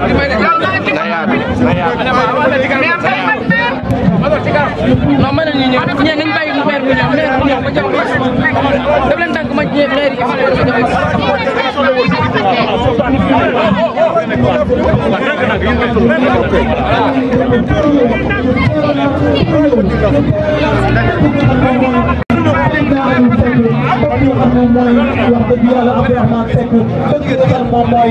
na yaatu na yaatu non mën nañu ñëw ñee nañ bàyyi mu weer bu ñëw meer bu ñëw ba jëm ko daf leen tànk ma ñëw meer yi moom mooy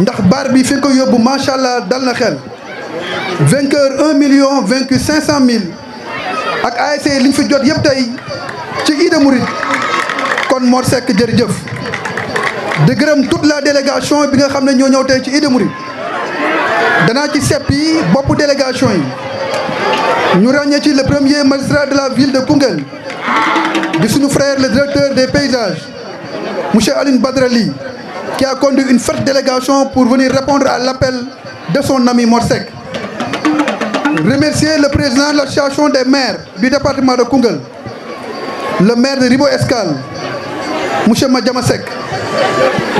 ndax baar bi fi ko yóbbu macha allah dal na xel vainqueur 1 million vaincu 500 mille ak ASC li ñu fi jot yëpp tey ci Ida mourid kon Mor sekk jërëjëf di gërëm toute la délégation bi nga xam ne ñoo ñëw tey ci Ida mourid danaa ci seppi bopp délégation yi ñu ràññee ci le premier magistrat de la ville de Koungheul di suñu frère le directeur des paysages monsieur Aline Badrali, qui a conduit une forte délégation pour venir répondre à l'appel de son ami Morsec. Remercier le président de la l'association des maires du département de Kungel, le maire de Ribo Escal, M.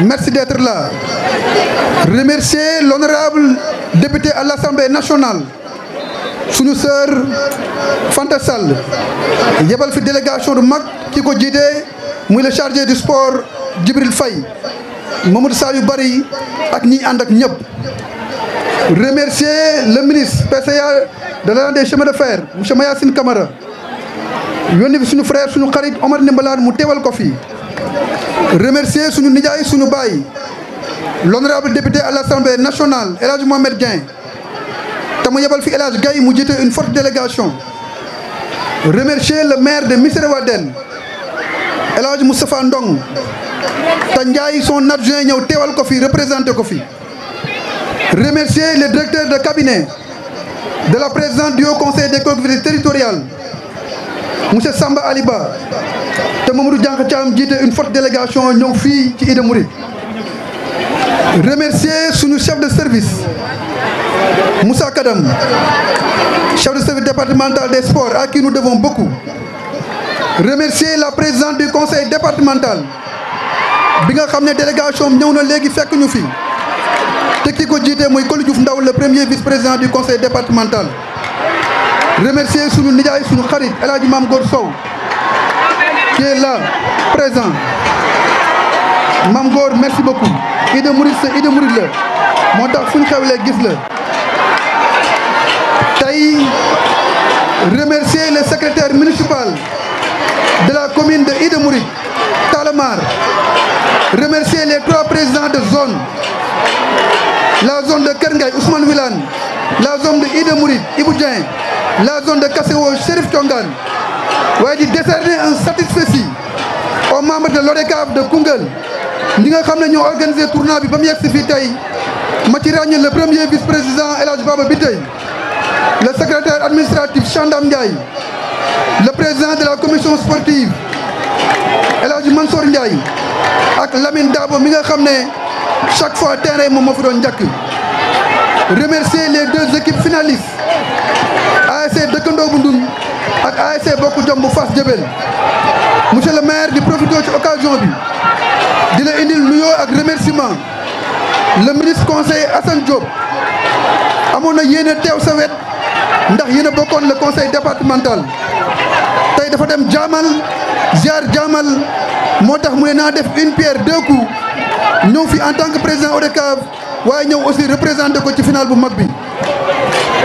Merci d'être là. Remercier l'honorable député à l'Assemblée nationale, suñu sœur il a pas fi délégation de Mac qui ko le chargé du sport Djibril Faye Mamadou Sa yu ak ñi ànd ak ñëpp remercier le ministre PCA de l'État des chemins de fer monsieur Mayacine Camara yónni fi suñu frère suñu xarit Omar Ndimbalaan mu téwal ko fi remercier suñu nijaay suñu baay l'honorable député à l'Assemblée nationale El Hadj Mohamed Dieng te yebal fi El Hadj Gaye mu jité une forte délégation remercier le maire de Misserewaden, Wadène El Hadj Moustapha Ndong te son adjoint ñëw téwal ko fi représenter ko fi remercier le directeur de cabinet de la présidente du Haut Conseil des collectivités territoriales monsieur Samba Aliba te Mamadou Diank une forte délégation ñëw qui ci Ida Mouride remercier son chef de service Moussa Kadam chef de service départemental des sports à qui nous devons beaucoup remercier la présidente du conseil départemental bi nga xam délégation ñëw na légui fekk ñu fi Té ki ko jiite mooy Diouf Ndaw le premier vice président du conseil départemental remercier suñu nijaay suñu xarit El Hadj Mame Gor Sow qui est là présent Mam Gor merci beaucoup Ida Mouride sa Ida Mouride la Mo tax suñu xewlé gis la Tay remercier le secrétaire municipal de la commune de Ida Mouride Talamar remercier les trois présidents de zone, la zone de Kerngay, Ousmane Wilane, la zone de Ide Mourid, la zone de Kassewo, Sherif Tongan, Wadi décerner un satisfait aux membres de l'ORECAV de Kungel. Nous avons organisé le tournoi Matiran le premier vice-président Elaj Baba le secrétaire administratif Chandam Ndiaye, le président de la commission sportive Elaj Mansour Ndiaye, Lamin Dabo mi nga xamné chaque fois terrain mo moo fi remercier les deux équipes finalistes ASC Dëkkandoo bu et ak ASC Bokk Jom bu Fass djebel monsieur le maire di profiter ci occasion bi di la indil ak remerciement le ministre conseil Hassan Diop amona na tew a sa wet ndax yéen a le conseil départemental tay dafa dem jaamal ziar Jamal motax tax mu def une pierre deux coups ñeu fi en tant que président ODCAV waaye ñeu aussi représenter ko ci final bu mag bi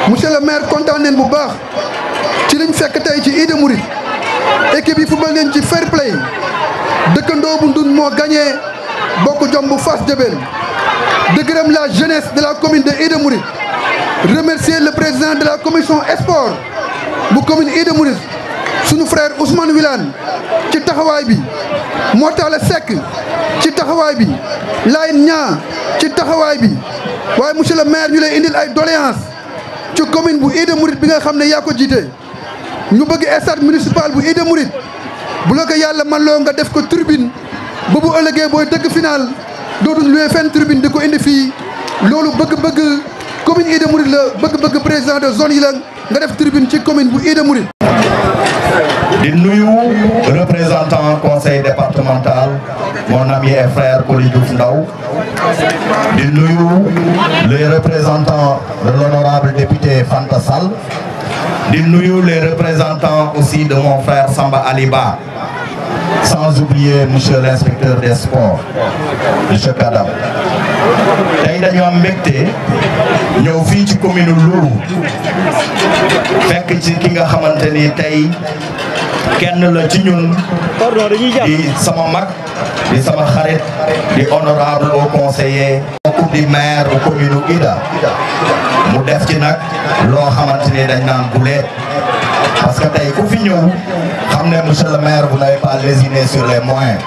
monsieur le maire kontaan neen bu baax ci liñ fekk tay ci Ida Mouride équipe de football de ci fair play dëkkandoo bu ndun mo gagné bokk jom bu face Diabène de gërëm la jeunesse de la commune de Ida Mouride remercier le président de la commission sport bu commune Ida Mouride suñu frère Ousmane Wilane ci taxaway bi Mortalla Seck ci taxawaay bi Layine Niang ci taxawaay bi waaye monsieur le maire ñu lay indil ay doléance ci commune bu Ida Mouride bi nga xam ne yaa ko jiite ñu bëgg stade municipal bu Ida Mouride bu la ko yàlla man loo nga def ko tribune ba bu ëllëgee booy dëkk final dootuñ luwee fenn tribune di ko indi fii loolu bëgg-bëgg commune Ida Mouride la bëgg-bëgg président de zone yi la nga def tribune ci commune bu Ida Mouride di nuyu représentant conseil départemental mon ami et frère Coly Diouf de di les représentants de l'honorable député Fanta de di les représentants aussi de mon frère Samba Aliba sans oublier monsieur l'inspecteur des sports monsieur Kadam tey dañu am mbégte ñëw fii ci commune Lour fekk ci ki nga xamante kenn la ci ñun di sama mag di sama xarit di honorable au conseiller bokku di maire bu commune Ida mu def ci nag loo xamante ni dañ naan guleet parce que tey ku fi ñëw xam ne monsieur le maire vous n'avez pas lésiné sur les moyens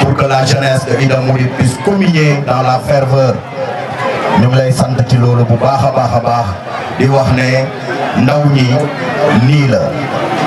pour que la jeunesse de Ida Mouride puisse communier dans la ferveur ñu ngi lay sant ci loolu bu baax a baax a baax di wax ne ndaw ñi nii la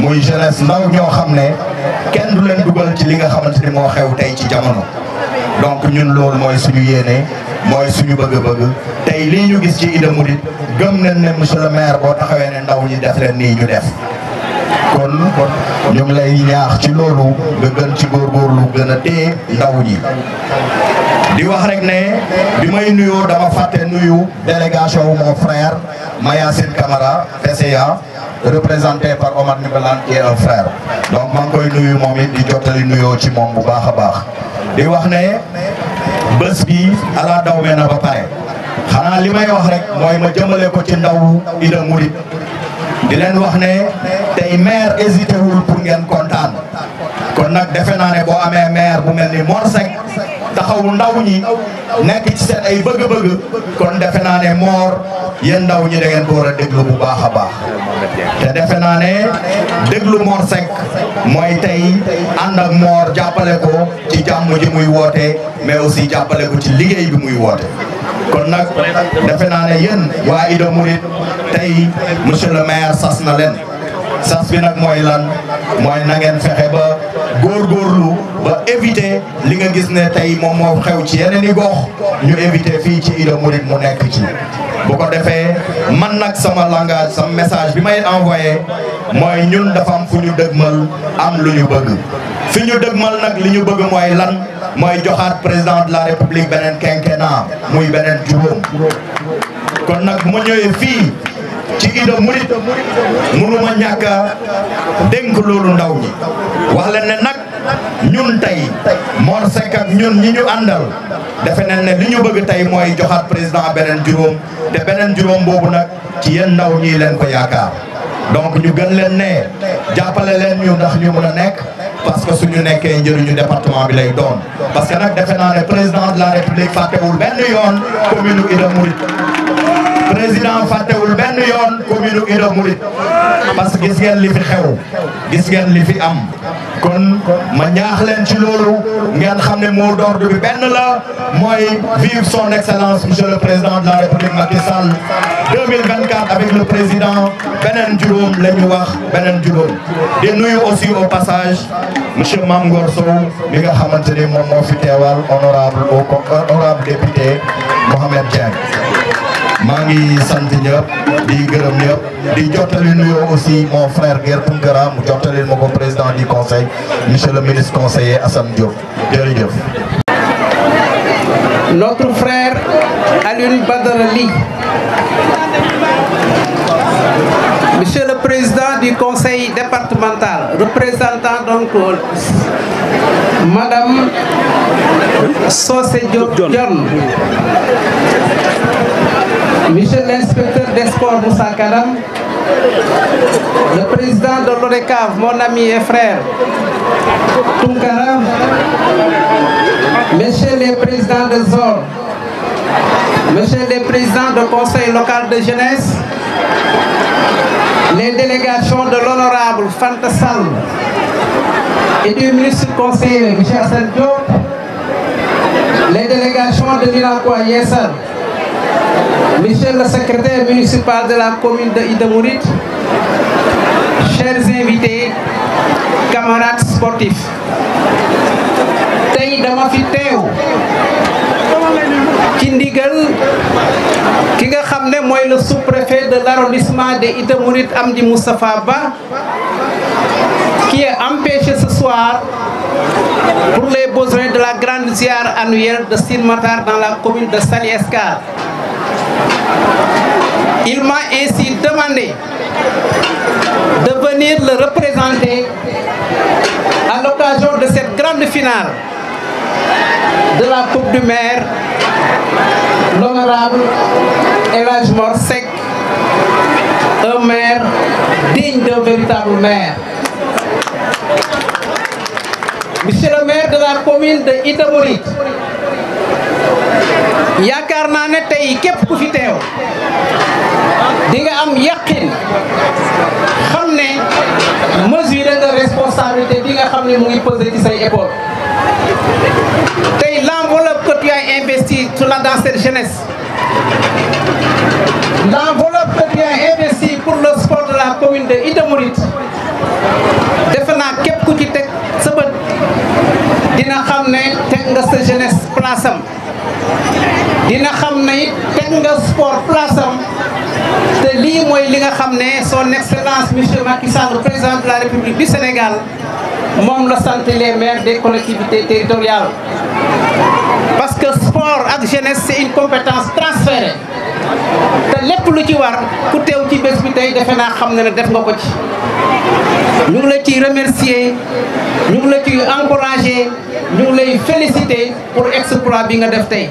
muy jeunesse ndaw ñoo xam ne kenn du leen dugal ci li nga xamante ni moo xew tey ci jamono donc ñun loolu mooy suñu yéene mooy suñu bëgg-bëgg tey lii ñu gis ci Ida Mouride gëm nañ ne monsieur le maire boo taxawee ne ndaw ñi def leen nii ñu def kon ñu ngi lay ñaax ci loolu nga gën ci góorgóorlu gën a téye ndaw ñi di wax rek ne bi may nuyoo dama fàtte nuyu délégation wu mon frère Mayacine Camara PCA représenté par Omar Ndimbelan qui est un frère donc maa nuyu moom it di jottali nuyo ci moom bu baax a baax di wax ne bés bi ala daw be na ba pare xanaa li may wax rek mooy ma jëmale ko ci ndaw Ida Mouride di leen wax ne tey maire hésité wul pour ngeen kontaan kon nag defe naa ne boo amee bu mel ni Mor taxawu ndaw ñi nekk ci ay bëgg kon defe naa ne moor yéen ndaw ñi da ngeen ko war a déglu bu baax a baax te defe naa ne déglu Mor Seck mooy tey ànd ak moor jàppale ko ci jàmm ji muy woote mais aussi jàppale ci liggéey bi muy woote kon nag defe naa ne yéen waa Ida Mouride tey monsieur sas na leen sas bi nag mooy lan mooy na ngeen fexe ba góorgóorlu ba éviter li nga gis ne tey moom moo xew ci yeneen i gox ñu éviter fii ci Ida Mouride mu nekk ci bu ko defee man nag sama langage sama message bi may envoyé mooy ñun dafa am fu ñu dëgmal am lu ñu bëgg fi ñu dëgmal nag li ñu bëgg mooy lan mooy joxaat président de la république beneen quinquennat muy beneen juróom kon nag bu ma ñëwee fii ci Ida Mouride mënuma ñàkk a dénk loolu ndaw ñi wax leen ne nag ñun tey Mor Seck ak ñun ñi ñu àndal defe nañ ne li ñu bëgg tey mooy joxaat président beneen juróom te beneen juróom boobu nag ci yéen ndaw ñii leen ko yaakaar donc ñu gën leen ne jàppale leen ñu ndax ñu mën a nekk parce que su ñu nekkee njëriñu departement bi lay doon parce que nag defe naa ne président de la république fàttewul benn yoon commune Ida Mouride président fàttewul ben yoon commune Ida mourid parce que gis li fi xew gis li fi am kon ma ñaax len ci lolu ngeen xam mo d'or d'ordre bi ben la moy vive son excellence monsieur le président de la république Macky 2024 avec le président Benen juróom lañu wax benen juróom nuyu aussi au passage monsieur Mam Ngor Sow mi nga xamante mom mo fi téwal honorable euh, honorable député Mohamed Diagne mangi ngi sant di gërëm ñëpp di jotale nuyo aussi mon frère Guère Tunkara mu jottali président du conseil monsieur le ministre conseiller assam Diop jërëjëf. notre frère Alun Badara M. Monsieur le Président du Conseil départemental, représentant donc Madame Sosé diop Monsieur l'inspecteur des sports Moussa le président de l'ORECAV, mon ami et frère, Tounkara, Monsieur le président de ZOR, Monsieur le président du conseil local de jeunesse, les délégations de l'honorable Fantasal et du ministre conseiller Michel Diop, les délégations de l'INACOA Yessar, Monsieur le secrétaire municipal de la commune de Idemourit, chers invités, camarades sportifs, tey dama Kindigal teew ci le sous-préfet de l'arrondissement de Idemourit Amdi Moustapha qui est empêché ce soir pour les besoins de la grande ziar annuelle de Sine Matar dans la commune de Sali il m'a ainsi demandé de venir le représenter à l'occasion de cette grande finale de la Coupe du Maire, l'honorable Elage Morsec, un maire digne d'un véritable maire. Monsieur le maire de la commune de Itabourite, yaakaar naa ne tey ku fi teew di nga am yaqin xamne mesure de responsabilité bi nga xamne ne mu ngi posé ci say épaule tay l'enveloppe que tu as investi tu la dans cette jeunesse l'enveloppe que tu as investi pour le sport de la commune de Ida Mouride defe naa ku ci tek sa bët dina xamne ne nga sa jeunesse place am dina xamné ne sport place am te lii mooy li nga xamné son excellence monsieur Macky Sall président de la république du Sénégal mom la santé les maires des collectivités territoriales. parce que sport ak jeunesse c'est une compétence transférée té lépp lu ci war ku teew ci bëss bi tay défé na xamné nga ko ci ñu la remercier ñu ngi la ci encourager ñu lay féliciter pour exploit bi nga def tay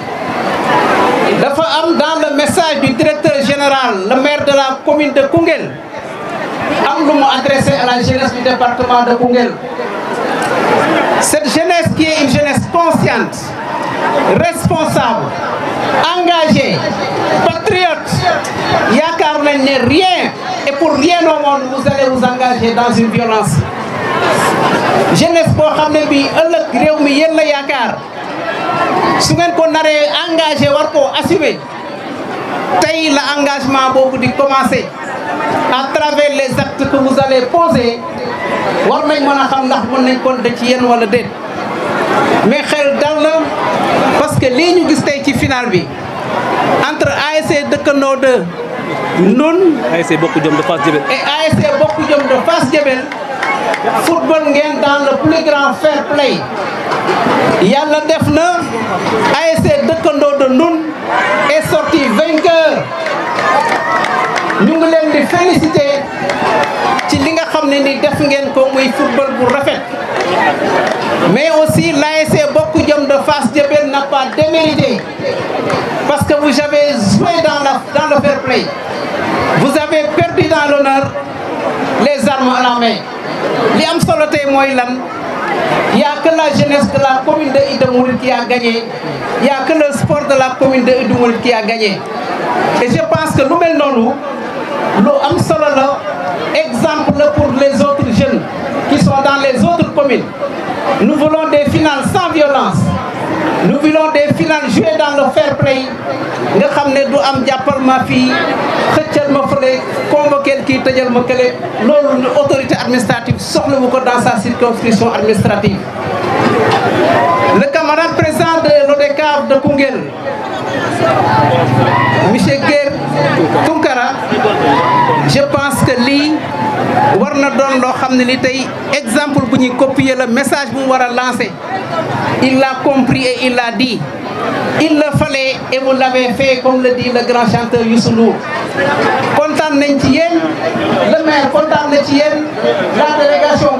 dans le message du directeur général le maire de la commune de Kungel. am lu à la jeunesse du département de Kungel. cette jeunesse qui est une jeunesse consciente responsable engagée patriote yakar n'est rien et pour rien au monde vous allez vous engager dans une violence jeunesse pour su ngeen ko naree engage war koo assumer tey la engagement boobu di commencer à travers les actes que vous allez poser war nañ mën a xam ndax mën nañ kon da ci yéen wala déet mais xel dal na parce que lii ñu gis tey ci final bi entre ASC dëkkandoo de Ndoune. ASC Bokk Jom de Fass Diabel. et ASC Bokk Jom de Fass Diabel. football dans le plus grand fair play il y a le de dëkkandoo de de Noun est sorti vainqueur nous voulons féliciter ci li ni def football mais aussi l'ASC de Jom de face n'ont n'a pas démérité parce que vous avez joué dans dans le fair play vous avez perdu dans l'honneur les armes à la main li am solo y a que la jeunesse de la commune de qui a gagné y a que le sport de la commune de qui a gagné et je pense que nous, mel nous, nous am solo exemple pour les autres jeunes qui sont dans les autres communes nous voulons des finales sans violence nous voulons des finales jouées dans le fair play nga xamné du am ma fille, xëccal ma convoquer ma autorité administrative dans sa circonscription administrative. Le camarade président de l'ODECA de Kungel, M. Ker, je pense que lui, war na exemple pour nous copier le message bu lancer il l'a compris et il l'a dit il le fallait et vous l'avez fait comme le dit le grand chanteur Youssou Ndour nañ le maire content na ci la délégation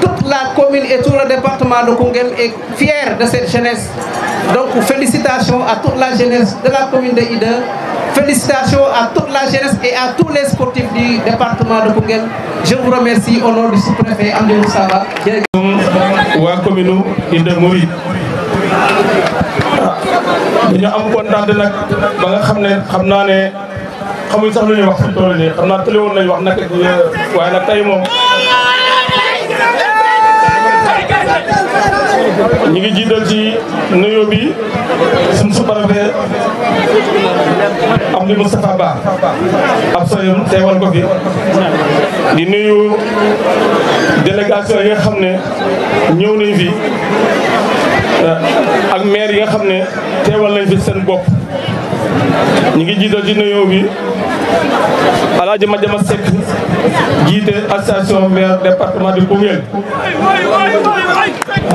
toute la commune et tout le département de Koungheul est fier de cette jeunesse donc félicitations à toute la jeunesse de la commune de Ida félicitations à toute la jeunesse et à tous les sportifs du département de Koungheul je vous remercie au nom du sous-préfet André Moussaba waa commune Ida Mouride dañoo am kontaan nag ba nga xam ne xam naa ne xamuñ sax lu ñuy wax fi toll nii xam naa tële woon nañ wax naka waaye nag tey moom ñu ngi jiital ci nuyoo bi suñ sous-préfet am li Moustapha Ba ab soyam teewal ko fi di nuyu délégation yi nga xam ne ñëw nañ fi eh, ak maire yi nga xam ne teewal nañ fi seen bopp ñu ngi jiital ci nuyoo bi alaaji Madiama Seck jiite association maire département de Koungheul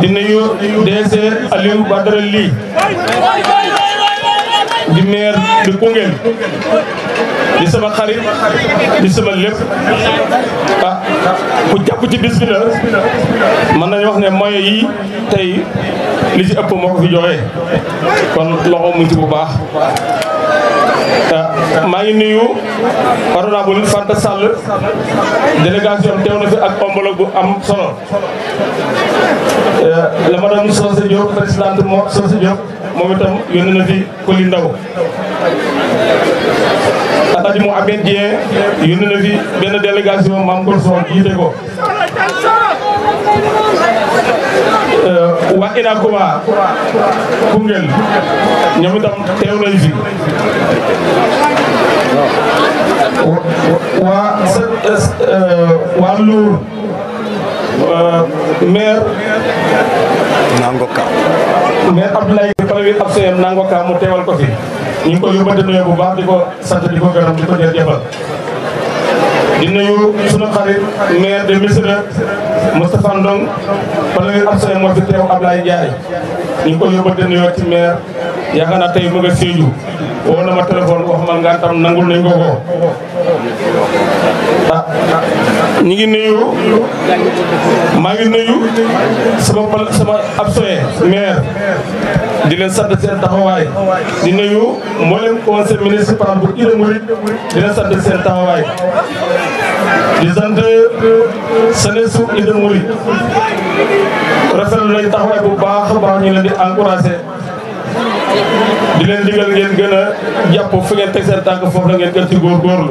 di nuyu di maire di sama xarit di sama lépp ah ku jàpp ci bis bi la mën ne moyens yi tey li ci ëpp moo ko kon loxo mu ci bu baax Euh, maa ngi nuyu honorable Fanta Sall délégation teew na fi ak ombolog bu am solo euh, la madame Socé Diop présidente moo Socé Diop moom itam yónni fi Koli Ndaw Alaaji mu Abed Dieng yónni na fi benn délégation Mame Goor Sow jiite ko Euh, waa Inacoma Koungheul ñoom itam teew nañ fi waa euh, waa Lour euh, maire Nangoka maire Abdoulaye Falawi ab soyam Nangoka mu teewal ko fi ñu ngi koy yóbbante nuyoo bu baax di ko ko gërëm di ko jël jëfal di nuyu sunu xarit maire de Missirah Moustapha Ndong wala nga am moo fi teew Ablaye Ndiaye ñu koy yóbbante nuyoo ci maire yaakaar naa tey mu nga Sédhiou woo na ma téléphone wax ma nga tam nangul nañ ko ah, ah ñu ngi nuyu maa ngi nuyu sama sama ab maire. di leen sant seen taxawaay di nuyu mboolem conseil municipal bu Ila Mouride di leen sant seen taxawaay di sante senesu su Ila Mouride rafetlu nañ taxawaay bu baax baax ñu len di encourager di len digal ngeen gëna japp fu ngeen tek sen tank fofu la ngeen gën ci gor gor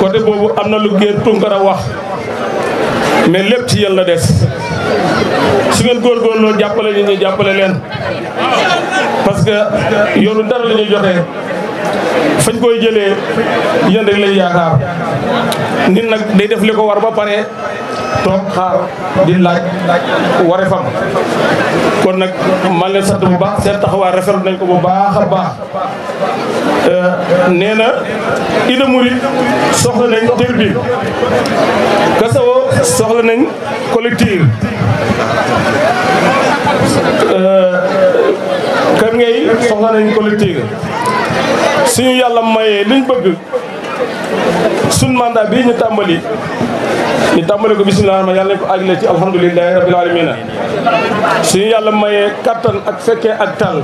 côté bobu amna lu géer Tunkara wax mais lepp ci yalla dess su ngeen góorgóorloo jàppale ñu ñu jàppale leen parce que yoonu dara lañuy ñuy joxe fañ koy jëlee yéen rek lañ yaakaar nit nag day def li ko war ba pare toog xaar di laaj ware fam kon nag man leen sant bu baax seen taxawaay rafetlu nañ ko bu baax a baax nee na Ida Mouride soxla nañ derbi Kasawo soxla nañ collectif euh, kan ngay soxla nañ collectif suñu yàlla mayee liñ bëgg sun mandat bii ñu tàmbali ñu tàmbali ko bisimilah ma yàlla nañ ko àggale ci alhamdulilahi rabil alamina suñu yàlla mayee kattan ak fekkee ak tal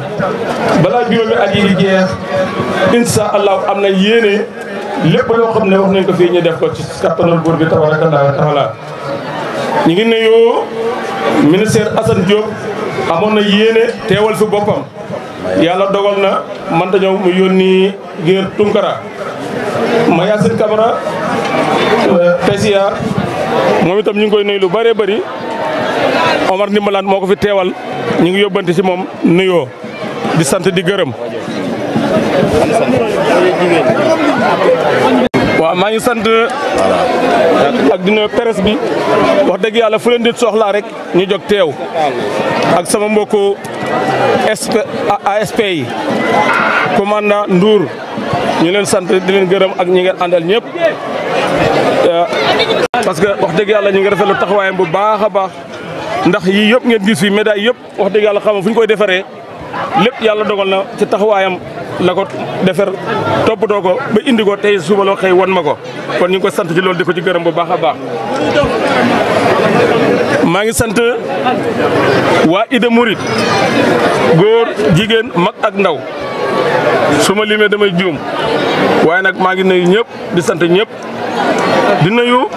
balaa juróomi at yi jeex incha allah am na yéene lépp loo xam ne wax nañ ko fii ñu def ko ci kattanal buur bi tabaraka taala ñu ngi nuyoo ministère Assane Diop amoon na yéene teewal fi boppam yàlla dogal na mënta ñëw mu yónni géer Tunkara ma Yacine Camara euh, PCA moom itam ñu ngi koy nuyu lu bëree bëri Omar Ndimbalane moo ko fi teewal ñu ngi yóbbante ci moom nuyoo di sant di gërëm. waaw maa ngi sant ak di nuyu presse bi wax dëgg yàlla fu leen di soxlaa rek ñu jóg teew ak sama mbokku. ASP komanda commandant Ndour ñu leen sant di leen gërëm ak ñi nga andal ñëpp euh, parce que wax deug Yalla ñi nga rafetlu taxawaayam bu baaxa baax ndax yi yëpp ngeen gis fi médaille yëpp wax deug Yalla xam fuñ koy défaré lepp Yalla dogal na ci taxawaayam la ko top do ko ba indi ko tay suba lo xey won mako kon ñu ko sant ci lool di ko ci gërëm bu baaxa baax. maa ngi sant waa Ida Mouride góor jigéen mag ak ndaw su ma limee damay juum waaye nag maa ngi nuyu ñëpp di sant ñëpp di nuyu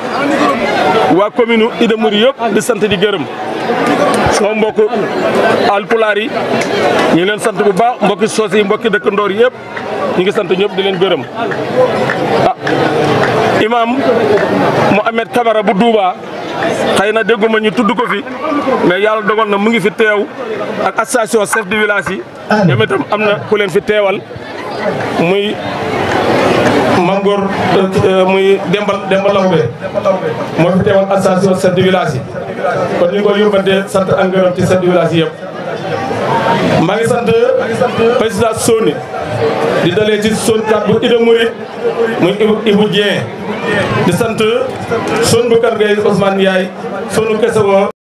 waa commune u Ida Mouride di sant di gërëm sama mbokk alpulaar ñu leen sant bu baax mbokki soos yi mbokki dëkkandoor yëpp ñu ngi sant ñëpp di leen gërëm ah imaam Mohamed Camara bu Duuba xëy na dégguma ñu tudd ko fi mais yàlla dogal na mu ngi fi teew ak association chef de village yi ñoom itam am na ku leen fi teewal muy Mangor euh, muy Demba Demba Lawbe moo fi teewal association chef de village yi kon ñu ngi koy yóbbante sant ak ngërëm ci chef de village yi yëpp ngi sant président Soni di dalee ci son kat bu Ida muy Ibou Dieng di sant son bu kër gay Ousmane Ndiaye sonu